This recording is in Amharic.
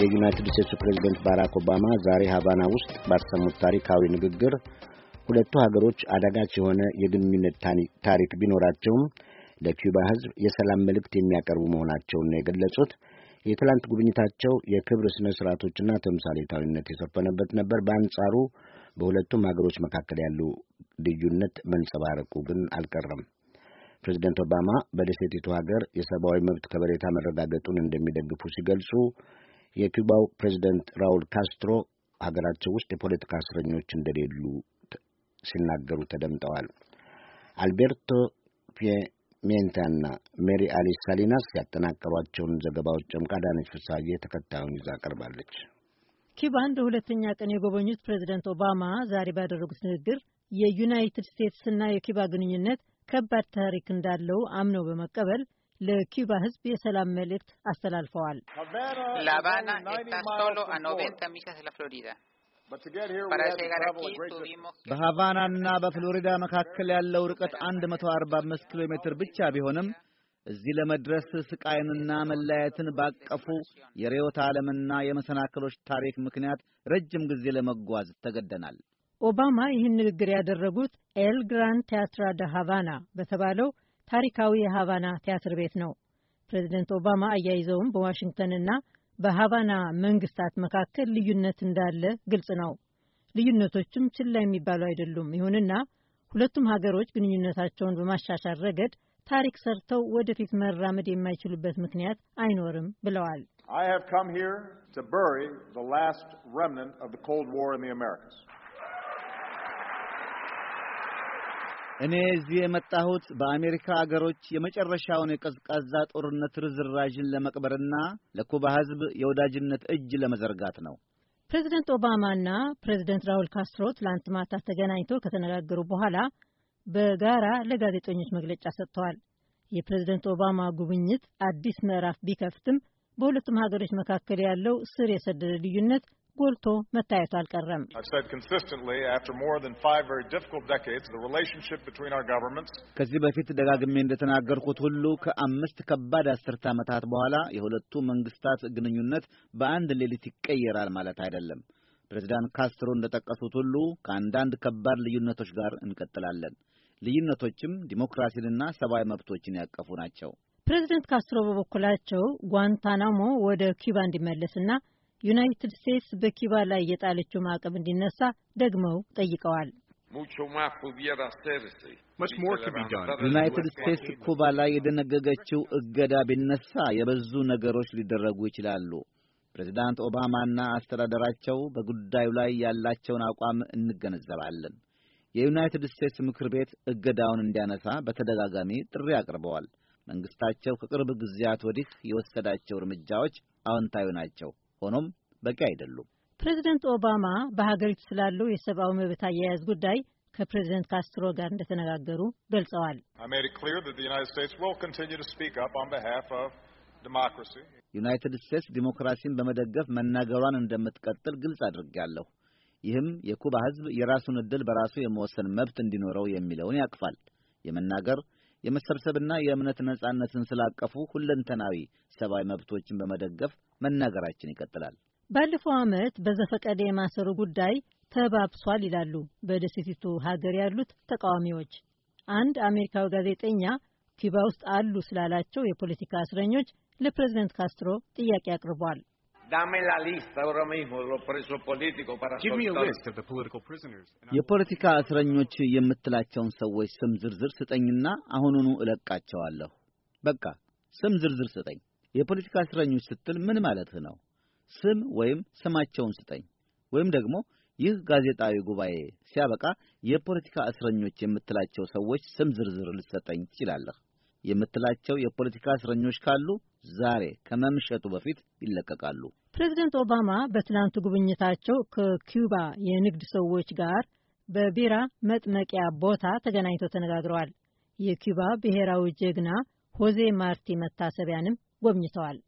የዩናይትድ ስቴትሱ ፕሬዝደንት ባራክ ኦባማ ዛሬ ሃቫና ውስጥ ባሰሙት ታሪካዊ ንግግር ሁለቱ ሀገሮች አዳጋች የሆነ የግንኙነት ታሪክ ቢኖራቸውም ለኪዩባ ሕዝብ የሰላም መልእክት የሚያቀርቡ መሆናቸውን ነው የገለጹት። የትላንት ጉብኝታቸው የክብር ስነ ስርዓቶችና ተምሳሌታዊነት የሰፈነበት ነበር። በአንጻሩ በሁለቱም ሀገሮች መካከል ያሉ ልዩነት መንጸባረቁ ግን አልቀረም። ፕሬዚደንት ኦባማ በደሴቲቱ ሀገር የሰብአዊ መብት ከበሬታ መረጋገጡን እንደሚደግፉ ሲገልጹ የኪውባው ፕሬዚደንት ራውል ካስትሮ ሀገራቸው ውስጥ የፖለቲካ እስረኞች እንደሌሉ ሲናገሩ ተደምጠዋል። አልቤርቶ ፒሜንታና ሜሪ አሊስ ሳሊናስ ያጠናቀሯቸውን ዘገባዎች ጨምቃ ዳነች ፍሳዬ ተከታዩን ይዛ ቀርባለች። ኪባን በሁለተኛ ቀን የጎበኙት ፕሬዚደንት ኦባማ ዛሬ ባደረጉት ንግግር የዩናይትድ ስቴትስና የኪባ ግንኙነት ከባድ ታሪክ እንዳለው አምነው በመቀበል ለኪዩባ ህዝብ የሰላም መልእክት አስተላልፈዋል። ላባና በሃቫናና በፍሎሪዳ መካከል ያለው ርቀት 145 ኪሎ ሜትር ብቻ ቢሆንም እዚህ ለመድረስ ስቃይንና መለያየትን ባቀፉ የርዕዮተ ዓለምና የመሰናክሎች ታሪክ ምክንያት ረጅም ጊዜ ለመጓዝ ተገደናል። ኦባማ ይህን ንግግር ያደረጉት ኤል ግራን ቲያትራ ደ በተባለው ታሪካዊ የሃቫና ቲያትር ቤት ነው። ፕሬዚደንት ኦባማ አያይዘውም በዋሽንግተንና በሃቫና መንግስታት መካከል ልዩነት እንዳለ ግልጽ ነው፣ ልዩነቶችም ችላ የሚባሉ አይደሉም። ይሁንና ሁለቱም ሀገሮች ግንኙነታቸውን በማሻሻል ረገድ ታሪክ ሰርተው ወደፊት መራመድ የማይችሉበት ምክንያት አይኖርም ብለዋል። I have come here to bury the last remnant of the Cold War in the Americas. እኔ እዚህ የመጣሁት በአሜሪካ አገሮች የመጨረሻውን የቀዝቃዛ ጦርነት ርዝራዥን ለመቅበርና ለኩባ ሕዝብ የወዳጅነት እጅ ለመዘርጋት ነው። ፕሬዚደንት ኦባማና ፕሬዚደንት ራውል ካስትሮ ትላንት ማታ ተገናኝተው ከተነጋገሩ በኋላ በጋራ ለጋዜጠኞች መግለጫ ሰጥተዋል። የፕሬዝደንት ኦባማ ጉብኝት አዲስ ምዕራፍ ቢከፍትም በሁለቱም ሀገሮች መካከል ያለው ስር የሰደደ ልዩነት ጎልቶ መታየቱ አልቀረም። ከዚህ በፊት ደጋግሜ እንደተናገርኩት ሁሉ ከአምስት ከባድ አስርት ዓመታት በኋላ የሁለቱ መንግስታት ግንኙነት በአንድ ሌሊት ይቀየራል ማለት አይደለም። ፕሬዚዳንት ካስትሮ እንደጠቀሱት ሁሉ ከአንዳንድ ከባድ ልዩነቶች ጋር እንቀጥላለን። ልዩነቶችም ዲሞክራሲንና ሰብአዊ መብቶችን ያቀፉ ናቸው። ፕሬዚደንት ካስትሮ በበኩላቸው ጓንታናሞ ወደ ኪባ እንዲመለስና ዩናይትድ ስቴትስ በኪባ ላይ የጣለችው ማዕቀብ እንዲነሳ ደግመው ጠይቀዋል። ዩናይትድ ስቴትስ ኩባ ላይ የደነገገችው እገዳ ቢነሳ የበዙ ነገሮች ሊደረጉ ይችላሉ። ፕሬዚዳንት ኦባማና አስተዳደራቸው በጉዳዩ ላይ ያላቸውን አቋም እንገነዘባለን። የዩናይትድ ስቴትስ ምክር ቤት እገዳውን እንዲያነሳ በተደጋጋሚ ጥሪ አቅርበዋል። መንግስታቸው ከቅርብ ጊዜያት ወዲህ የወሰዳቸው እርምጃዎች አዎንታዊ ናቸው። ሆኖም በቂ አይደሉም። ፕሬዚደንት ኦባማ በሀገሪቱ ስላለው የሰብአዊ መብት አያያዝ ጉዳይ ከፕሬዚደንት ካስትሮ ጋር እንደተነጋገሩ ገልጸዋል። ዩናይትድ ስቴትስ ዲሞክራሲን በመደገፍ መናገሯን እንደምትቀጥል ግልጽ አድርጌያለሁ። ይህም የኩባ ሕዝብ የራሱን ዕድል በራሱ የመወሰን መብት እንዲኖረው የሚለውን ያቅፋል። የመናገር የመሰብሰብና የእምነት ነጻነትን ስላቀፉ ሁለንተናዊ ሰብአዊ መብቶችን በመደገፍ መናገራችን ይቀጥላል። ባለፈው ዓመት በዘፈቀደ የማሰሩ ጉዳይ ተባብሷል ይላሉ በደሴቲቱ ሀገር ያሉት ተቃዋሚዎች። አንድ አሜሪካዊ ጋዜጠኛ ኪባ ውስጥ አሉ ስላላቸው የፖለቲካ እስረኞች ለፕሬዝደንት ካስትሮ ጥያቄ አቅርቧል። የፖለቲካ እስረኞች የምትላቸውን ሰዎች ስም ዝርዝር ስጠኝና አሁኑኑ እለቃቸዋለሁ። በቃ ስም ዝርዝር ስጠኝ። የፖለቲካ እስረኞች ስትል ምን ማለትህ ነው? ስም ወይም ስማቸውን ስጠኝ። ወይም ደግሞ ይህ ጋዜጣዊ ጉባኤ ሲያበቃ የፖለቲካ እስረኞች የምትላቸው ሰዎች ስም ዝርዝር ልትሰጠኝ ትችላለህ። የምትላቸው የፖለቲካ እስረኞች ካሉ ዛሬ ከመምሸቱ በፊት ይለቀቃሉ። ፕሬዚደንት ኦባማ በትናንቱ ጉብኝታቸው ከኪዩባ የንግድ ሰዎች ጋር በቢራ መጥመቂያ ቦታ ተገናኝተው ተነጋግረዋል። የኪዩባ ብሔራዊ ጀግና ሆዜ ማርቲ መታሰቢያንም ጎብኝተዋል።